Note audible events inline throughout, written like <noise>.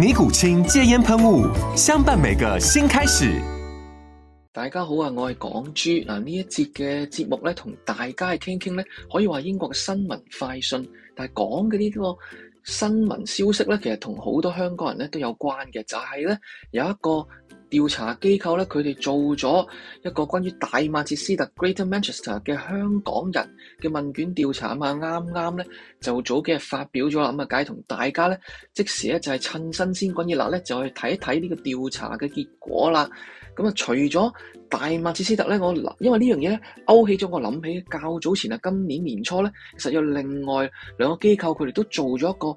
尼古清戒煙噴霧，相伴每個新開始。大家好啊，我係港珠嗱呢一節嘅節目咧，同大家係傾傾咧，可以話英國嘅新聞快訊，但係講嘅呢個新聞消息咧，其實同好多香港人咧都有關嘅，就係咧有一個。調查機構咧，佢哋做咗一個關於大曼切斯特 g r e a t Manchester） 嘅香港人嘅問卷調查。咁、嗯、啊，啱啱咧就早幾日發表咗啦。咁、嗯、啊，解同大家咧即時咧就係、是、趁新鮮趕熱辣咧，就去睇一睇呢個調查嘅結果啦。咁、嗯、啊，除咗大曼切斯特咧，我因為呢樣嘢咧勾起咗我諗起較早前啊，今年年初咧，其實有另外兩個機構佢哋都做咗一個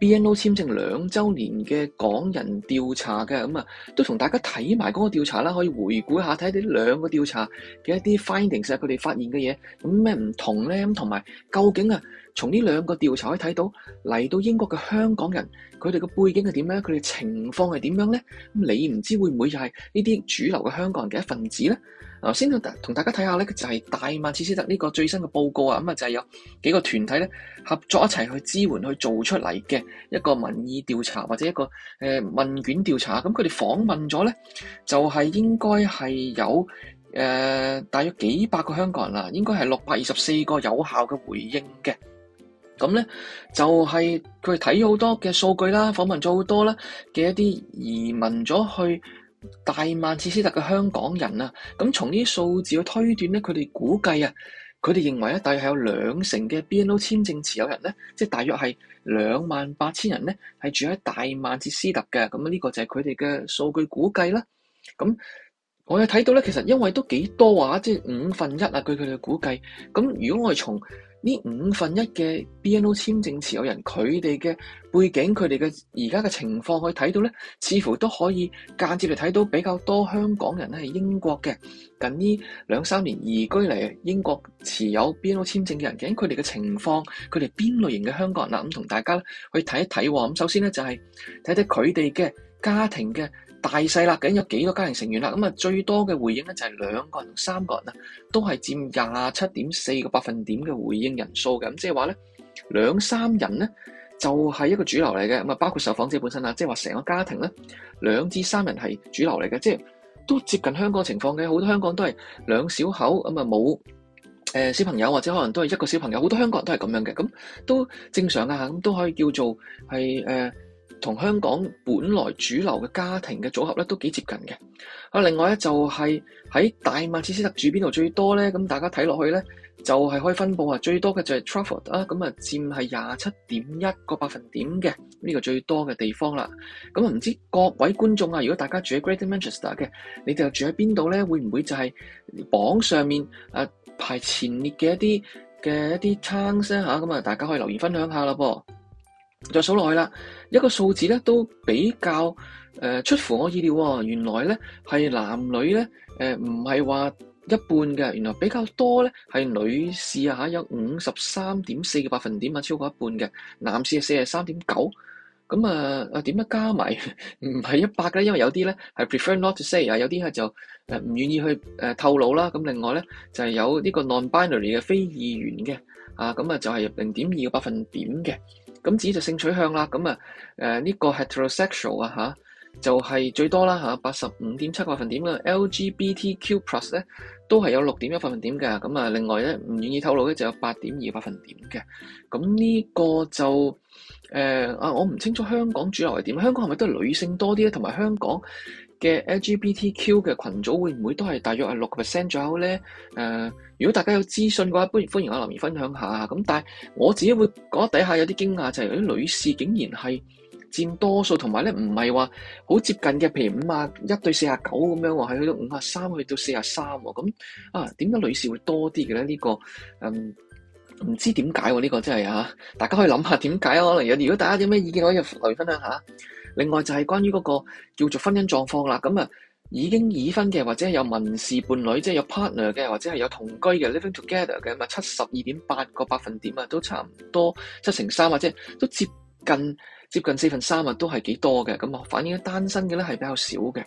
BNO 簽證兩週年嘅港人調查嘅。咁啊，都同大家睇埋嗰個調查啦，可以回顧一下睇下，啲兩個調查嘅一啲 findings，其實佢哋發現嘅嘢，咁咩唔同咧？咁同埋究竟啊，從呢兩個調查可以睇到嚟到英國嘅香港人，佢哋嘅背景係點咧？佢哋情況係點樣咧？咁你唔知會唔會又係呢啲主流嘅香港人嘅一份子咧？嗱，先同大家睇下咧，就係、是、大曼切斯特呢個最新嘅報告啊，咁啊就係、是、有幾個團體咧，合作一齊去支援去做出嚟嘅一個民意調查或者一個誒問卷調查，咁佢哋訪問咗咧就係、是、應該係有誒、呃、大約幾百個香港人啦，應該係六百二十四個有效嘅回應嘅。咁咧就係佢哋睇好多嘅數據啦，訪問咗好多啦嘅一啲移民咗去。大曼徹斯特嘅香港人啊，咁從呢啲數字去推斷咧，佢哋估計啊，佢哋認為咧，大約係有兩成嘅 BNO 簽證持有人咧，即係大約係兩萬八千人咧，係住喺大曼徹斯特嘅，咁呢個就係佢哋嘅數據估計啦。咁我有睇到咧，其實因為都幾多啊，即係五分一啊，據佢哋估計，咁如果我哋從呢五分一嘅 BNO 簽證持有人，佢哋嘅背景，佢哋嘅而家嘅情況，可以睇到咧，似乎都可以間接嚟睇到比較多香港人咧係英國嘅近呢兩三年移居嚟英國持有 BNO 簽證嘅人，究竟佢哋嘅情況，佢哋邊類型嘅香港人啦？咁同大家咧去睇一睇喎。咁首先咧就係睇睇佢哋嘅家庭嘅。大細啦，究竟有幾個家庭成員啦？咁啊，最多嘅回應咧就係兩個人同三個人啊，都係佔廿七點四個百分點嘅回應人數嘅。咁即係話咧，兩三人咧就係一個主流嚟嘅。咁啊，包括受訪者本身啦，即係話成個家庭咧，兩至三人係主流嚟嘅。即係都接近香港情況嘅，好多香港都係兩小口咁啊，冇誒小朋友或者可能都係一個小朋友，好多香港人都係咁樣嘅，咁都正常嘅嚇，咁都可以叫做係誒。呃同香港本來主流嘅家庭嘅組合咧都幾接近嘅。啊，另外咧就係喺大曼徹斯特住邊度最多咧？咁大家睇落去咧就係可以分佈啊，最多嘅就係 Trafford 啊，咁啊佔係廿七點一個百分點嘅，呢個最多嘅地方啦。咁啊唔知各位觀眾啊，如果大家住喺 Greater Manchester 嘅，你哋住喺邊度咧？會唔會就係榜上面啊排前列嘅一啲嘅一啲撐聲嚇？咁啊大家可以留言分享下啦噃。再數落去啦，一個數字咧都比較誒、呃、出乎我意料喎。原來咧係男女咧誒唔係話一半嘅，原來比較多咧係女士啊嚇，有五十三點四嘅百分點啊，超過一半嘅，男士係四十三點九。咁啊啊點樣加埋唔係一百咧？因為有啲咧係 prefer not to say 啊，有啲咧就誒唔願意去誒透露啦。咁另外咧就係、是、有呢個 non-binary 嘅非二元嘅啊，咁啊就係零點二嘅百分點嘅。咁自己就性取向啦，咁啊呢個 heterosexual 啊吓，就係最多啦吓，八十五點七百分點啦，LGBTQ plus 咧都係有六點一百分點嘅，咁啊另外咧唔願意透露呢就有八點二百分點嘅，咁呢個就誒啊、呃、我唔清楚香港主流係點，香港係咪都係女性多啲咧，同埋香港嘅 LGBTQ 嘅群組會唔會都係大約係六 percent 左右咧？誒、呃，如果大家有資訊嘅話，歡迎歡迎留言分享一下。咁但係我自己會覺得底下有啲驚訝，就係，就係啲女士竟然係佔多數，同埋咧唔係話好接近嘅，譬如五啊一對四啊九咁樣，係去到五啊三去到四啊三。咁啊，點解女士會多啲嘅咧？呢、呢個嗯，唔知點解，呢個真係啊！大家可以諗下點解啊？可能有如果大家有咩意見，可以分享一下。另外就係關於嗰個叫做婚姻狀況啦，咁啊已經已婚嘅或者有民事伴侶，即係有 partner 嘅或者係有同居嘅 living together 嘅，咁啊，七十二點八個百分點啊，都差唔多七成三啊，即係都接近接近四分三啊，都係幾多嘅，咁啊反映單身嘅咧係比較少嘅。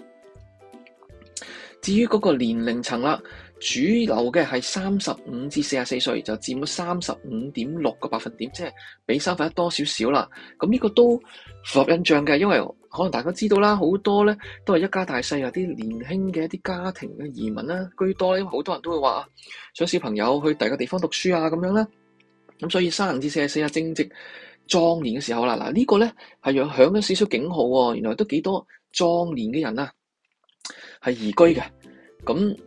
至於嗰個年齡層啦，主流嘅係三十五至四十四歲，就佔咗三十五點六個百分點，即係比三分一多少少啦。咁呢個都符合印象嘅，因為可能大家知道啦，好多咧都係一家大細啊，啲年輕嘅一啲家庭嘅移民啦居多，因為好多人都會話啊，想小朋友去第二個地方讀書啊咁樣啦。咁所以三十五至四十四啊，正值壯年嘅時候啦。嗱、這個、呢個咧係有響咗少少警號喎，原來都幾多壯年嘅人啊！係移居嘅，咁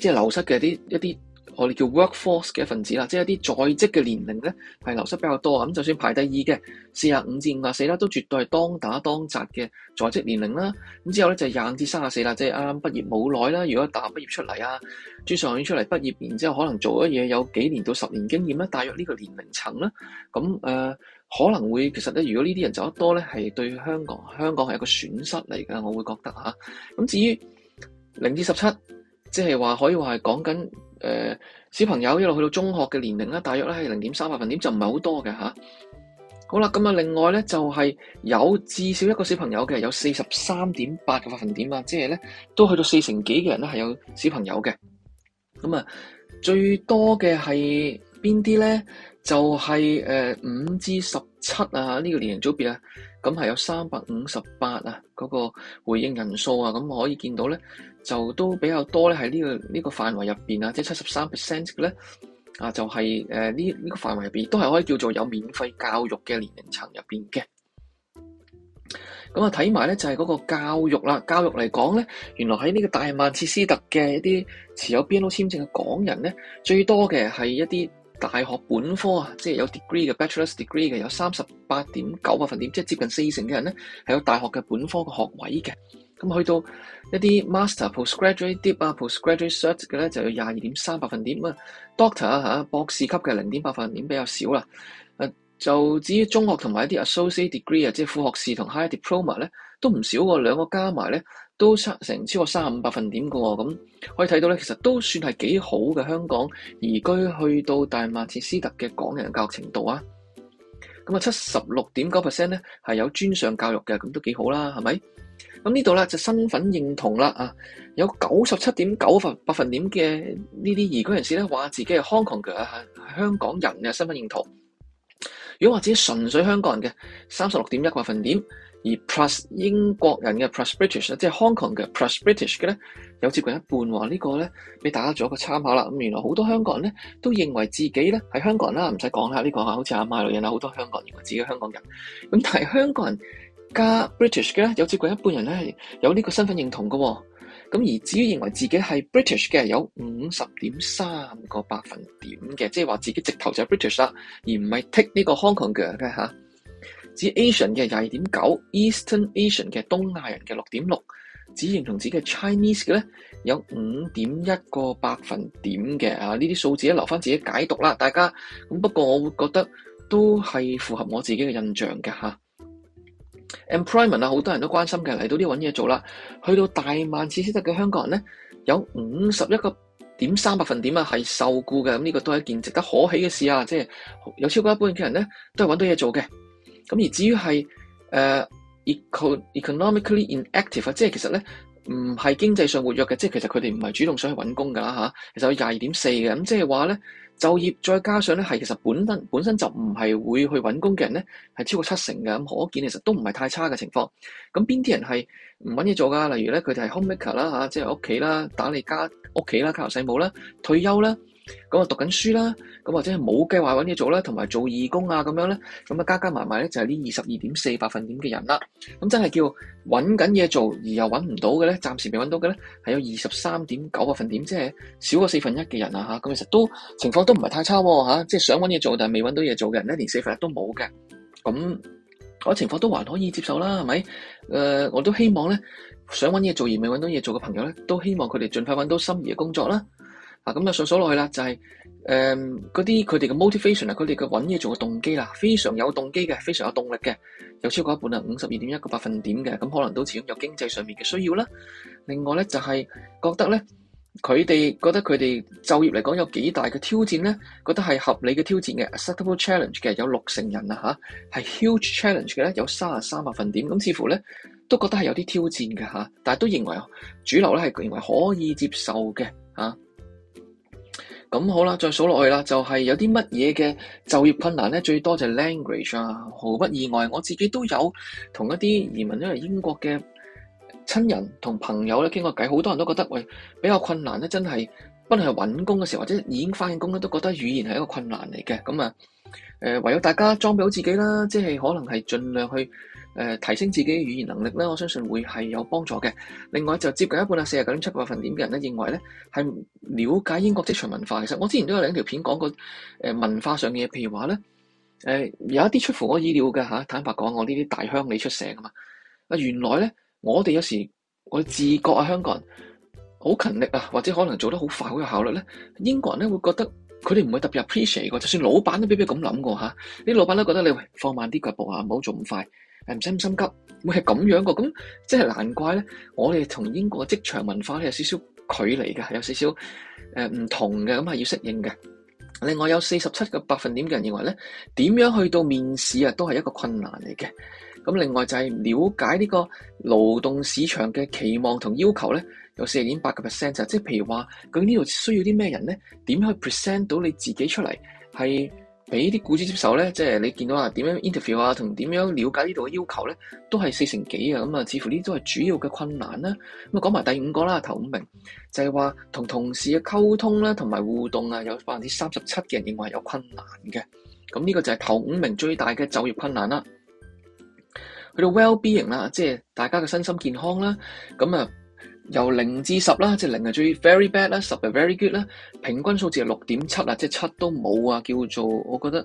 即係流失嘅啲一啲，一些我哋叫 workforce 嘅一份子啦，即係一啲在職嘅年齡咧，係流失比較多。咁就算排第二嘅四啊五至五啊四啦，都絕對係當打當擲嘅在職年齡啦。咁之後咧就係廿五至卅四啦，即係啱啱畢業冇耐啦。如果大學畢業出嚟啊，專上學院出嚟畢業，然之後可能做咗嘢有幾年到十年經驗咧，大約呢個年齡層啦。咁誒、呃、可能會其實咧，如果呢啲人走得多咧，係對香港香港係一個損失嚟㗎，我會覺得吓。咁至於零至十七。即係話可以話係講緊誒小朋友一路去到中學嘅年齡啦，大約咧係零點三百分點，就唔係好多嘅吓、啊。好啦，咁啊，另外咧就係、是、有至少一個小朋友嘅，有四十三點八個百分點啊，即係咧都去到四成幾嘅人咧係有小朋友嘅。咁啊，最多嘅係邊啲咧？就係誒五至十七啊呢、呢個年齡組別啊，咁係有三百五十八啊嗰個回應人數啊，咁可以見到咧。就都比較多咧，喺呢個呢個範圍入邊啊，即係七十三 percent 嘅咧，啊就係誒呢呢個範圍入邊都係可以叫做有免費教育嘅年齡層入邊嘅。咁啊，睇埋咧就係嗰個教育啦。教育嚟講咧，原來喺呢個大曼徹斯特嘅一啲持有 BNO 簽證嘅港人咧，最多嘅係一啲大學本科啊，即係有 degree 嘅 bachelor degree 嘅，有三十八點九百分點，即係接近四成嘅人咧係有大學嘅本科嘅學位嘅。咁去到一啲 master postgraduate dip 啊，postgraduate search 嘅咧就有廿二點三百分點啊，doctor 啊博士級嘅零點八百分點比較少啦、啊。就至於中學同埋一啲 associate degree 啊，即係副學士同 high diploma 咧，都唔少喎。兩個加埋咧都差成超過三五百分點嘅喎。咁、啊嗯、可以睇到咧，其實都算係幾好嘅香港移居去到大曼徹斯特嘅港人教育程度啊。咁、嗯、啊，七十六點九 percent 咧係有專上教育嘅，咁都幾好啦，係咪？咁呢度咧就身份認同啦，啊有九十七點九分百分點嘅呢啲移居人士咧話自己係 Hong Kong 嘅香港人嘅身份認同。如果話自己純粹香港人嘅三十六點一百分點，而 Plus 英國人嘅 Plus British 即係 Hong Kong 嘅 Plus British 嘅咧，有接近一半喎。呢個咧俾大家做一個參考啦。咁原來好多香港人咧都認為自己咧係香港人啦，唔使講啦。呢個好似阿馬來人啊，好多香港認為自己香港人。咁但係香港人，加 British 嘅咧，有接近一半人咧係有呢個身份認同嘅，咁而至於認為自己係 British 嘅有五十點三個百分點嘅，即係話自己直頭就係 British 啦，而唔係 take 呢個 Hong Kong 嘅、啊、至於 Asian 嘅廿二點九，Eastern Asian 嘅東亞人嘅六點六，只認同自己係 Chinese 嘅咧有五點一個百分點嘅，啊呢啲數字咧留翻自己解讀啦，大家咁不過我會覺得都係符合我自己嘅印象嘅。Employment 啊，好多人都關心嘅，嚟到呢度揾嘢做啦。去到大曼徹斯特嘅香港人咧，有五十一個點三百分點啊，係受僱嘅。咁呢個都係一件值得可喜嘅事啊，即係有超過一半嘅人咧都係揾到嘢做嘅。咁而至於係誒，economically inactive 啊，即係其實咧唔係經濟上活躍嘅，即係其實佢哋唔係主動想去揾工噶啦吓。其實有廿二點四嘅，咁即係話咧。就業再加上咧，係其實本身本身就唔係會去揾工嘅人咧，係超過七成嘅，咁可見其實都唔係太差嘅情況。咁邊啲人係唔揾嘢做㗎？例如咧，佢哋係 home maker 啦，吓，即係屋企啦，打理家屋企啦、家務細務啦、退休啦。咁啊，讀緊書啦，咁或者係冇計劃搵嘢做啦，同埋做義工啊，咁樣咧，咁啊加加埋埋咧就係呢二十二點四百分點嘅人啦。咁真係叫搵緊嘢做而又搵唔到嘅咧，暫時未搵到嘅咧，係有二十三點九百分點，即係少過四分一嘅人啊吓。咁其實都情況都唔係太差吓，即係想搵嘢做但係未搵到嘢做嘅人咧，連四分一都冇嘅。咁我、嗰個、情況都還可以接受啦，係咪？誒、呃，我都希望咧，想搵嘢做而未搵到嘢做嘅朋友咧，都希望佢哋盡快搵到心儀嘅工作啦。嗱、咁、啊、就數數落去啦，就係誒嗰啲佢哋嘅 motivation 啊，佢哋嘅揾嘢做嘅動機啦，非常有動機嘅，非常有動力嘅，有超過一半啊，五十二點一個百分點嘅，咁可能都始終有經濟上面嘅需要啦。另外咧就係、是、覺得咧，佢哋覺得佢哋就業嚟講有幾大嘅挑戰咧，覺得係合理嘅挑戰嘅、啊、acceptable challenge 嘅，有六成人啊，吓，係 huge challenge 嘅咧，有三啊三十三百分點咁，似乎咧都覺得係有啲挑戰嘅吓、啊，但係都認為主流咧係認為可以接受嘅。咁好啦，再數落去啦，就係有啲乜嘢嘅就業困難咧，最多就係 language 啊，毫不意外，我自己都有同一啲移民因為英國嘅親人同朋友咧傾過偈，好多人都覺得喂，比較困難咧，真係，無論係揾工嘅時候或者已經返緊工咧，都覺得語言係一個困難嚟嘅，咁啊，誒、呃、唯有大家裝備好自己啦，即係可能係盡量去。誒、呃、提升自己的語言能力咧，我相信會係有幫助嘅。另外就接近一半啊，四十九點七百分點嘅人咧，認為咧係了解英國職場文化。其實我之前都有兩條片講過誒、呃、文化上嘅嘢，譬如話咧誒有一啲出乎我意料嘅嚇。坦白講，我呢啲大鄉里出社啊嘛啊原來咧我哋有時我自覺啊，香港人好勤力啊，或者可能做得好快好有效率咧，英國人咧會覺得佢哋唔會特別 appreciate 嘅，就算老闆都未必咁諗嘅嚇。啲、啊、老闆都覺得你喂放慢啲腳步啊，唔好做咁快。誒唔使咁心急，會係咁樣噶，咁即係難怪咧。我哋同英國嘅職場文化咧有少少距離嘅，有少少誒唔同嘅，咁係要適應嘅。另外有四十七個百分點嘅人認為咧，點樣去到面試啊，都係一個困難嚟嘅。咁另外就係了解呢個勞動市場嘅期望同要求咧，有四點八個 percent，就即係譬如話，佢呢度需要啲咩人咧？點去 present 到你自己出嚟係？俾啲僱主接受咧，即係你見到啊，點樣 interview 啊，同點樣了解呢度嘅要求咧，都係四成幾啊，咁啊，似乎呢都係主要嘅困難啦。咁啊，講埋第五個啦，頭五名就係話同同事嘅溝通啦，同埋互動啊，有百分之三十七嘅人認為係有困難嘅。咁呢個就係頭五名最大嘅就業困難啦。去到 wellbeing 啦，即係大家嘅身心健康啦，咁啊。由零至十啦，即係零係最 very bad 啦，十係 very good 啦。平均數字係六點七啊，即係七都冇啊。叫做我覺得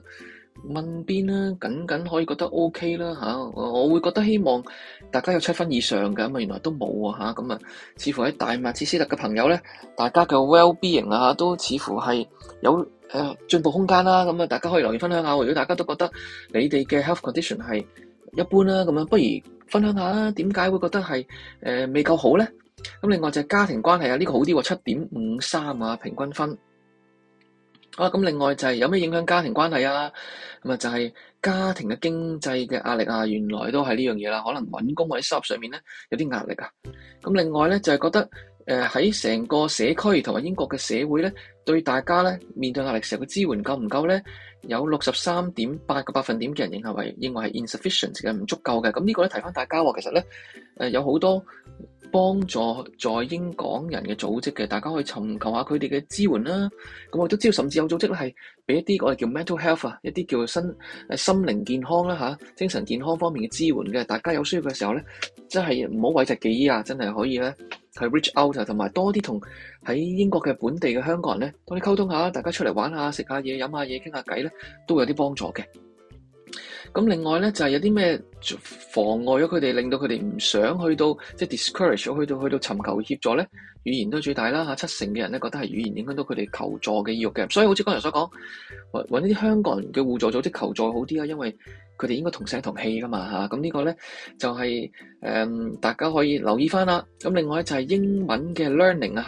問邊啦，僅僅可以覺得 OK 啦、啊、吓，我會覺得希望大家有七分以上嘅，咁啊，原來都冇啊吓，咁啊，似乎喺大曼徹斯特嘅朋友咧，大家嘅 wellbeing 啊都似乎係有誒進、啊、步空間啦、啊。咁啊，大家可以留意分享下。如果大家都覺得你哋嘅 health condition 係一般啦、啊，咁樣不如分享下啦點解會覺得係誒、呃、未夠好咧？咁另外就係家庭關係啊，呢個好啲喎，七點五三啊，平均分。啊，咁另外就係有咩影響家庭關係啊？咁啊就係家庭嘅經濟嘅壓力啊，原來都係呢樣嘢啦。可能搵工或者收入上面咧有啲壓力啊。咁另外咧就係覺得誒喺成個社區同埋英國嘅社會咧，對大家咧面對壓力時候嘅支援夠唔夠咧？有六十三點八個百分點嘅人認為為係 insufficient 嘅唔足夠嘅，咁呢個咧提返大家喎，其實咧有好多幫助在英港人嘅組織嘅，大家可以尋求下佢哋嘅支援啦。咁我都知，甚至有組織咧係俾一啲我哋叫 mental health 啊，一啲叫身心靈健康啦，精神健康方面嘅支援嘅。大家有需要嘅時候咧，真係唔好諱疾忌醫啊，真係可以咧去 reach out 啊，同埋多啲同。喺英國嘅本地嘅香港人咧，多啲溝通下，大家出嚟玩下、食下嘢、飲下嘢、傾下偈咧，都會有啲幫助嘅。咁另外咧就係、是、有啲咩妨礙咗佢哋，令到佢哋唔想去到，即、就、係、是、discourage 咗去到去到尋求協助咧？語言都最大啦嚇，七成嘅人咧覺得係語言影響到佢哋求助嘅意欲嘅。所以好似剛才所講，揾揾啲香港人嘅互助組織求助好啲啊，因為佢哋應該同聲同氣噶嘛嚇。咁呢個咧就係、是、誒、嗯、大家可以留意翻啦。咁另外就係英文嘅 learning 啊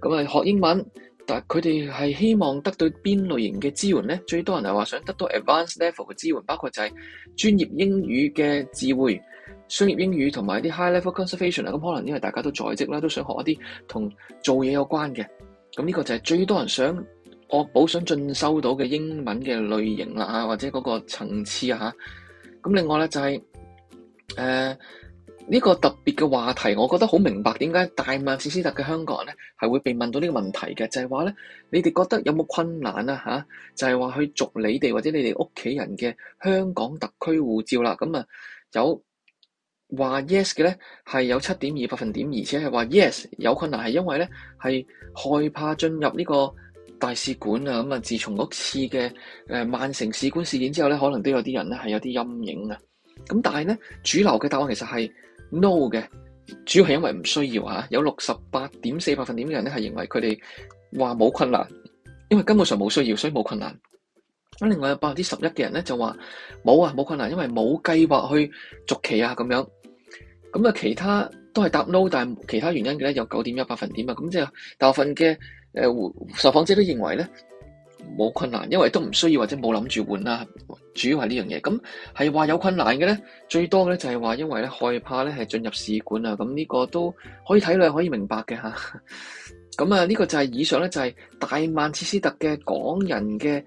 嚇，咁啊學英文。但佢哋係希望得到邊類型嘅支援咧？最多人係話想得到 advanced level 嘅支援，包括就係專業英語嘅智慧、商業英語同埋啲 high level conversation 啊。咁可能因為大家都在職啦，都想學一啲同做嘢有關嘅。咁呢個就係最多人想我保想進修到嘅英文嘅類型啦，啊或者嗰個層次啊，嚇。咁另外咧就係、是、誒。呃呢、個特別嘅話題，我覺得好明白點解大曼徹斯特嘅香港人咧，係會被問到呢個問題嘅，就係話咧，你哋覺得有冇困難啊？嚇，就係話去續你哋或者你哋屋企人嘅香港特區護照啦。咁、嗯、啊，有話 yes 嘅咧，係有七點二百分點，而且係話 yes 有困難係因為咧係害怕進入呢個大使館啊。咁、嗯、啊，自從嗰次嘅誒曼城使館事件之後咧，可能都有啲人咧係有啲陰影啊。咁但係咧，主流嘅答案其實係。no 嘅主要係因為唔需要嚇，有六十八點四百分點嘅人咧係認為佢哋話冇困難，因為根本上冇需要，所以冇困難。咁另外有百分之十一嘅人咧就話冇啊冇困難，因為冇計劃去續期啊咁樣。咁啊其他都係答 no，但係其他原因嘅咧有九點一百分點啊。咁即係大部分嘅誒、呃、受訪者都認為咧。冇困難，因為都唔需要或者冇諗住換啦。主要係呢樣嘢，咁係話有困難嘅咧，最多嘅咧就係話因為咧害怕咧係進入使館啊。咁呢個都可以體諒，可以明白嘅吓，咁 <laughs> 啊，呢、這個就係以上咧，就係大曼徹斯特嘅港人嘅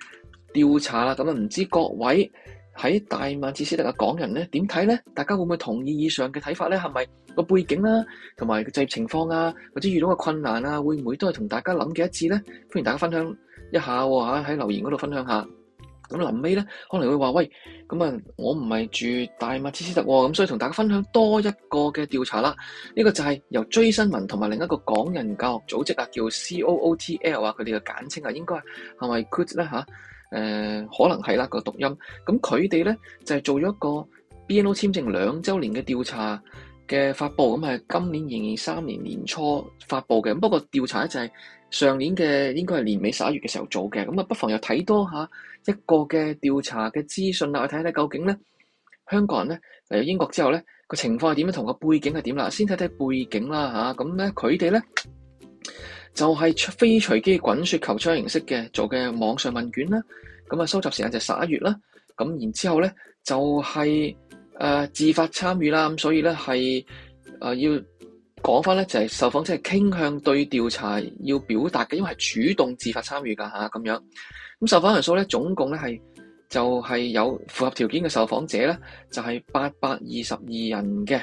調查啦。咁啊，唔知道各位喺大曼徹斯特嘅港人咧點睇咧？大家會唔會同意以上嘅睇法咧？係咪個背景啦、啊，同埋個職業情況啊，或者遇到嘅困難啊，會唔會都係同大家諗嘅一致咧？歡迎大家分享。一下喎、啊、喺留言嗰度分享下。咁臨尾咧，可能會話喂，咁啊，我唔係住大麥斯斯特喎，咁所以同大家分享多一個嘅調查啦。呢、呢個就係由追新聞同埋另一個港人教學組織啊，叫 C O O T L 啊，佢哋嘅簡稱啊，應該係咪 Good 咧吓，誒、啊呃，可能係啦、個讀音。咁佢哋咧就係、是、做咗一個 B N O 簽證兩週年嘅調查。嘅發布咁啊，係今年二二三年年初發布嘅，咁不過調查就係上年嘅應該係年尾十一月嘅時候做嘅，咁啊不妨又睇多一下一個嘅調查嘅資訊啦，去睇睇究竟咧香港人咧嚟到英國之後咧個情況係點樣，同個背景係點啦，先睇睇背景啦吓，咁咧佢哋咧就係、是、非隨機滾雪球抽樣形式嘅做嘅網上問卷啦，咁啊收集時間就係十一月啦，咁然之後咧就係、是。誒、呃、自發參與啦，咁所以咧係誒要講翻咧，就係、是、受訪者傾向對調查要表達嘅，因為係主動自發參與㗎吓，咁、啊、樣。咁受訪人數咧總共咧係就係、是、有符合條件嘅受訪者咧，就係八百二十二人嘅。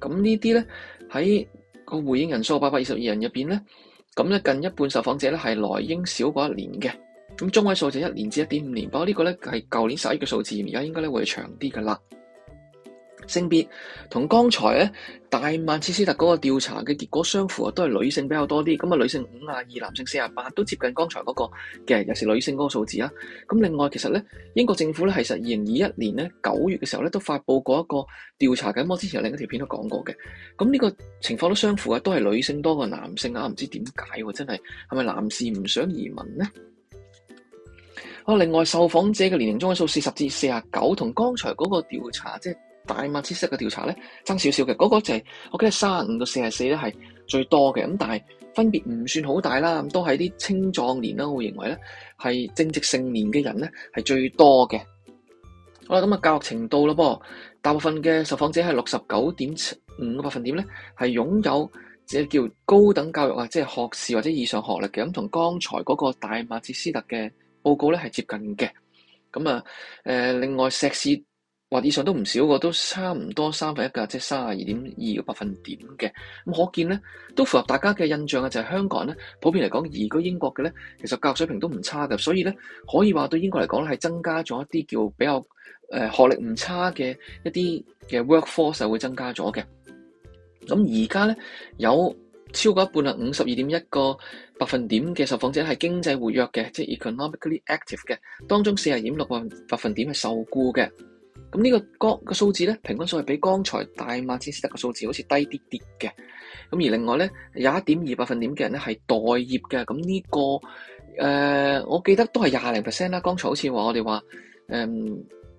咁呢啲咧喺個回應人數八百二十二人入邊咧，咁咧近一半受訪者咧係來英少過一年嘅。咁中位數就一年至一點五年，不過呢個咧係舊年十一個數字，而家應該咧會長啲㗎啦。性別同剛才咧大曼徹斯特嗰個調查嘅結果相符啊，都係女性比較多啲。咁啊，女性五廿二，男性四廿八，都接近剛才嗰、嗰個嘅又是女性嗰個數字啦。咁另外其實咧，英國政府咧其實二零二一年咧九月嘅時候咧都發布過一個調查緊。我之前另一條片都講過嘅。咁呢個情況都相符啊，都係女性多過男性啊。唔知點解、啊、真係係咪男士唔想移民呢？啊，另外受訪者嘅年齡中位數四十至四廿九，同剛才嗰個調查即係。大曼徹斯特嘅調查咧爭少少嘅，嗰、那個就係我記得三十五到四十四咧係最多嘅，咁但係分別唔算好大啦，咁都係啲青壯年啦，我認為咧係正值盛年嘅人咧係最多嘅。好啦，咁啊教育程度咯噃，大部分嘅受訪者係六十九點五個百分點咧係擁有即係叫高等教育啊，即係學士或者以上學歷嘅，咁同剛才嗰個大曼徹斯特嘅報告咧係接近嘅。咁啊誒，另外碩士。或以上都唔少個，都差唔多三分一噶，即係三十二點二個百分點嘅。咁可見咧，都符合大家嘅印象嘅，就係、是、香港咧，普遍嚟講，移居英國嘅咧，其實教育水平都唔差嘅，所以咧可以話對英國嚟講咧係增加咗一啲叫比較誒、呃、學歷唔差嘅一啲嘅 workforce 係會增加咗嘅。咁而家咧有超過一半啦，五十二點一個百分點嘅受訪者係經濟活躍嘅，即、就、係、是、economically active 嘅。當中四十二點六個百分點係受雇嘅。咁、這個這個、呢個個數字咧，平均數係比剛才大曼徹斯特個數字好似低啲啲嘅。咁而另外咧，廿一點二百分點嘅人咧係待業嘅。咁、這、呢個、呃、我記得都係廿零 percent 啦。剛才好似話我哋話、嗯、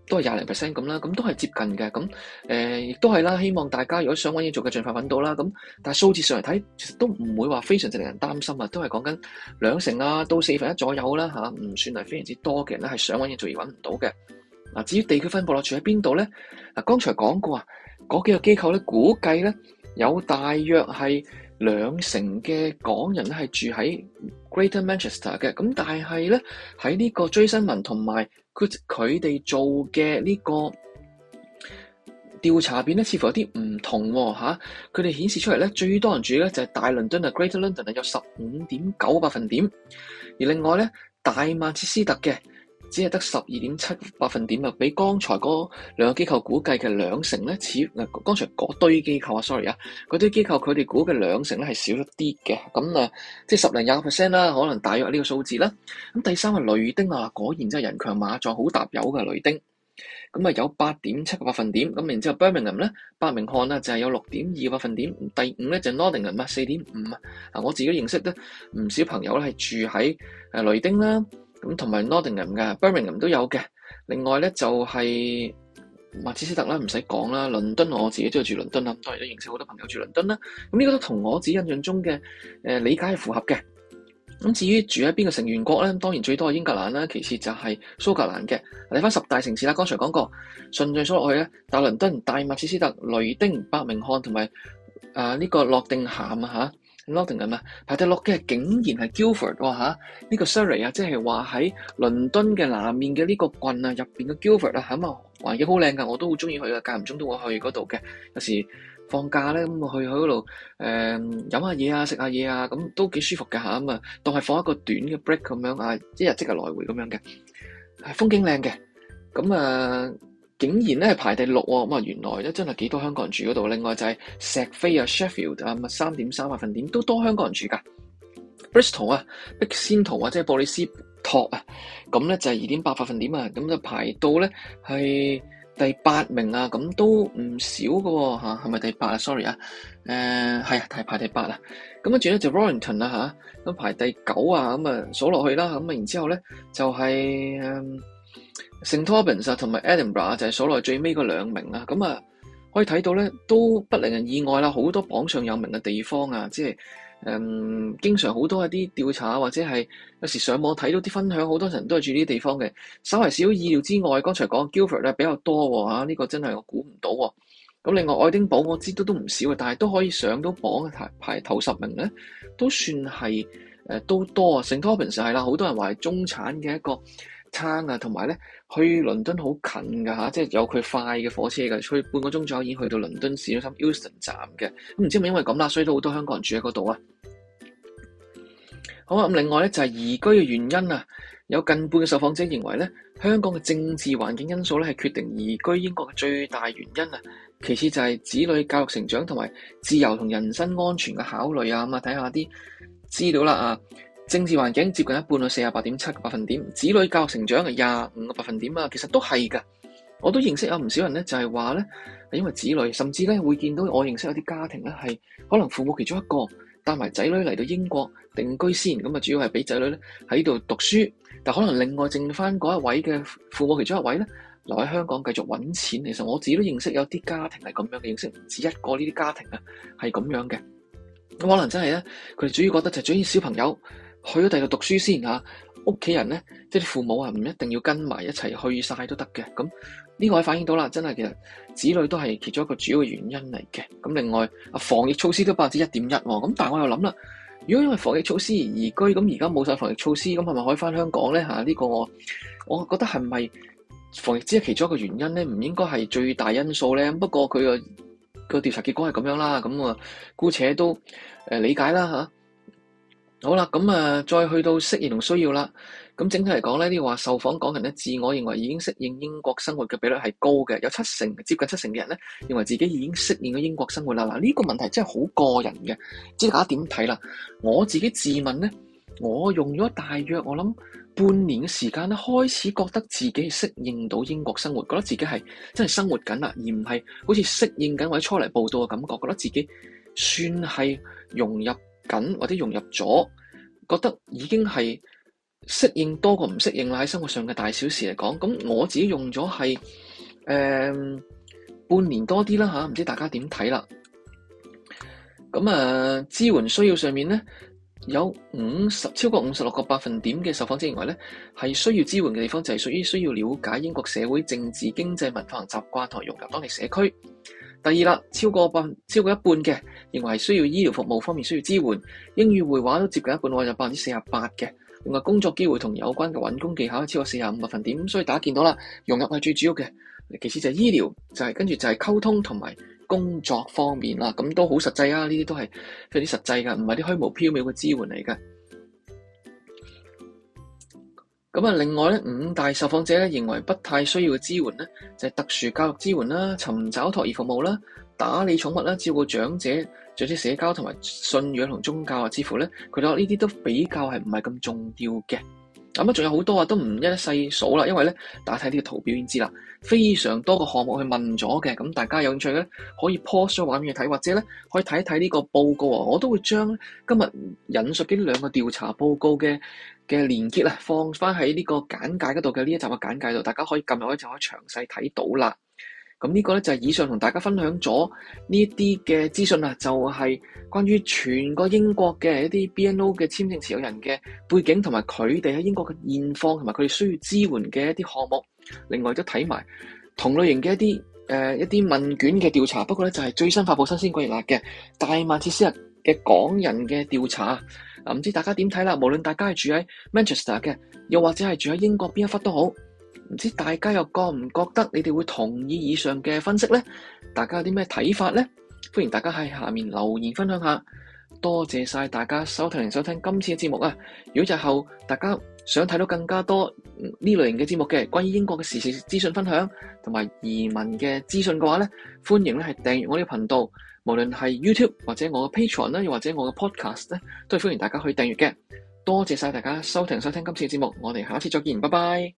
都係廿零 percent 咁啦。咁、嗯、都係接近嘅。咁亦都係啦。希望大家如果想揾嘢做嘅，盡快搵到啦。咁但係數字上嚟睇，其實都唔會話非常之令人擔心兩啊。都係講緊兩成啊，到四分一左右啦唔、啊、算係非常之多嘅人咧，係想揾嘢做而揾唔到嘅。嗱，至於地區分布落住喺邊度咧？嗱，剛才講過啊，嗰幾個機構咧，估計咧有大約係兩成嘅港人咧，係住喺 Greater Manchester 嘅。咁但係咧，喺呢個追新聞同埋佢哋做嘅呢個調查片咧，似乎有啲唔同嚇。佢哋顯示出嚟咧，最多人住咧就係大倫敦啊，Greater London 啊，有十五點九百分點。而另外咧，大曼徹斯特嘅。只係得十二點七百分點啊！比剛才嗰兩個機構估計嘅兩成咧，似啊剛才嗰堆機構啊，sorry 啊，嗰堆機構佢哋估嘅兩成咧係少一啲嘅。咁啊，即係十零廿個 percent 啦，可能大約呢個數字啦。咁第三個雷丁啊，果然真係人強馬壯，好達有嘅雷丁。咁啊，有八點七個百分點。咁然之後 Birmingham 咧，伯明翰啊，就係有六點二百分點。第五咧就 Nottingham 啊，四點五啊。我自己認識咧，唔少朋友咧係住喺誒雷丁啦。咁同埋 Nordingham 諾丁漢嘅，伯明翰都有嘅。另外咧就係曼徹斯特啦，唔使講啦。倫敦我自己都要住倫敦啦，咁當然都認識好多朋友住在倫敦啦。咁呢個都同我自己印象中嘅誒理解係符合嘅。咁至於住喺邊個成員國咧，當然最多係英格蘭啦，其次就係蘇格蘭嘅。嚟翻十大城市啦，剛才講過順序數落去咧，大倫敦、大曼徹斯特、雷丁、伯明翰同埋啊呢、呢個諾定咸嚇。啊 lodging 啊嘛，排第六嘅竟然係 Guildford 哇吓呢、這個 Surrey 啊，即係話喺倫敦嘅南面嘅呢個郡啊，入邊嘅 Guildford 啊。咁啊環境好靚噶，我都好中意去啊，間唔中都會去嗰度嘅。有時放假咧咁去去嗰度誒飲下嘢啊，食下嘢啊，咁都幾舒服嘅吓咁啊。當係放一個短嘅 break 咁樣啊，一日即係來回咁樣嘅，風景靚嘅咁啊。竟然咧排第六喎，咁啊，原來咧真係幾多香港人住嗰度？另外就係石菲啊、Sheffield 啊，咁啊三點三百分點都多香港人住噶。Bristol 啊、Bexington 或者布里斯托啊，咁咧就係二點八百分點啊，咁就排到咧係第八名啊，咁都唔少嘅吓，係咪第八啊？Sorry 啊，誒係啊，係排第八啊，咁跟住咧就 Rollington 啊，吓，咁排第九啊，咁啊數落去啦，咁啊然之後咧就係、是、嗯。聖托賓實同埋 e d i n 愛丁堡就係所內最尾嗰兩名啊。咁啊可以睇到咧，都不令人意外啦，好多榜上有名嘅地方啊，即係誒、嗯，經常好多一啲調查或者係有時上網睇到啲分享，好多人都係住呢啲地方嘅。稍為少意料之外，剛才講 g i l f o r d 咧，比較多吓，呢、啊這個真係我估唔到，咁另外愛丁堡我知道都都唔少，嘅，但係都可以上到榜排排頭十名咧，都算係誒、呃、都多啊，聖托賓係啦，好多人話係中產嘅一個。差噶，同埋咧去倫敦好近噶嚇、啊，即係有佢快嘅火車噶，所以半個鐘左右已經去到倫敦市中心 Euston 站嘅。咁唔知係咪因為咁啦，所以都好多香港人住喺嗰度啊。好啊，咁另外咧就係、是、移居嘅原因啊，有近半嘅受訪者認為咧，香港嘅政治環境因素咧係決定移居英國嘅最大原因啊。其次就係子女教育成長同埋自由同人身安全嘅考慮啊。咁啊，睇下啲資料啦啊。政治環境接近一半到四十八點七個百分點；子女教育成長係廿五個百分點啊。其實都係噶，我都認識有唔少人咧，就係話咧因為子女，甚至咧會見到我認識有啲家庭咧，係可能父母其中一個帶埋仔女嚟到英國定居先，咁啊主要係俾仔女咧喺度讀書，但可能另外剩翻嗰一位嘅父母其中一位咧留喺香港繼續揾錢。其實我自己都認識有啲家庭係咁樣嘅，認識唔止一個呢啲家庭啊，係咁樣嘅咁，可能真係咧佢哋主要覺得就係主要小朋友。去咗第度讀書先嚇，屋企人咧即係父母啊，唔一定要跟埋一齊去晒都得嘅。咁呢個可以反映到啦，真係其實子女都係其中一個主要嘅原因嚟嘅。咁另外啊，防疫措施都百分之一點一喎。咁但係我又諗啦，如果因為防疫措施而移居，咁而家冇晒防疫措施，咁係咪可以翻香港咧嚇？呢個我我覺得係咪防疫只係其中一個原因咧？唔應該係最大因素咧。不過佢個個調查結果係咁樣啦。咁啊，姑且都誒、呃、理解啦嚇。啊。好啦，咁啊，再去到適應同需要啦。咁整體嚟講咧，呢啲話受訪港人咧，自我認為已經適應英國生活嘅比率係高嘅，有七成接近七成嘅人咧，認為自己已經適應咗英國生活啦。嗱，呢個問題真係好個人嘅，知大家點睇啦？我自己自問咧，我用咗大約我諗半年嘅時間咧，開始覺得自己適應到英國生活，覺得自己係真係生活緊啦，而唔係好似適應緊或者初嚟報到嘅感覺，覺得自己算係融入。緊或者融入咗，覺得已經係適應多過唔適應啦，喺生活上嘅大小事嚟講。咁我自己用咗係誒半年多啲啦吓，唔知大家點睇啦。咁啊，支援需要上面呢，有五十超過五十六個百分點嘅受訪者認為呢係需要支援嘅地方就係、是、屬於需要了解英國社會、政治、經濟、文化、習慣同埋融入當地社區。第二啦，超過百分超過一半嘅認為需要醫療服務方面需要支援，英語會話都接近一半喎，就百分之四十八嘅，同埋工作機會同有關嘅揾工技巧都超過四十五百分點，所以大家見到啦，融入係最主要嘅，其次就係醫療，就係跟住就係溝通同埋工作方面啦，咁都好實際啊，呢啲都係非常實際㗎，唔係啲虛無飄渺嘅支援嚟㗎。咁啊，另外咧，五大受訪者咧認為不太需要嘅支援咧，就係特殊教育支援啦、尋找托兒服務啦、打理寵物啦、照顧長者、做啲社交同埋信仰同宗教啊，似乎咧佢哋話呢啲都比較係唔係咁重要嘅。咁啊，仲有好多啊，都唔一一細數啦，因為咧，大家睇呢個圖表已經知啦，非常多個項目去問咗嘅。咁大家有興趣咧，可以 pause 咗畫面睇，或者咧可以睇一睇呢個報告啊。我都會將今日引述嘅呢兩個調查報告嘅嘅連結啊，放翻喺呢個簡介嗰度嘅呢一集嘅簡介度，大家可以撳入去就可以詳細睇到啦。咁呢個咧就係、是、以上同大家分享咗呢一啲嘅資訊啊，就係、是、關於全個英國嘅一啲 BNO 嘅簽證持有人嘅背景同埋佢哋喺英國嘅現況同埋佢哋需要支援嘅一啲項目。另外都睇埋同類型嘅一啲誒、呃、一啲問卷嘅調查，不過咧就係、是、最新發布新鮮熱辣嘅大曼徹斯特嘅港人嘅調查。唔知大家點睇啦？無論大家係住喺 Manchester 嘅，又或者係住喺英國邊一忽都好，唔知大家又覺唔覺得你哋會同意以上嘅分析呢？大家有啲咩睇法呢？歡迎大家喺下面留言分享下。多謝晒大家收聽收聽今次嘅節目啊！如果日後大家想睇到更加多呢類型嘅節目嘅，關於英國嘅時事資訊分享同埋移民嘅資訊嘅話呢，歡迎咧係訂閱我呢個頻道。無論係 YouTube 或者我嘅 Patreon 又或者我嘅 Podcast 都係歡迎大家去訂閱嘅。多謝晒大家收聽收聽今次嘅節目，我哋下次再見，拜拜。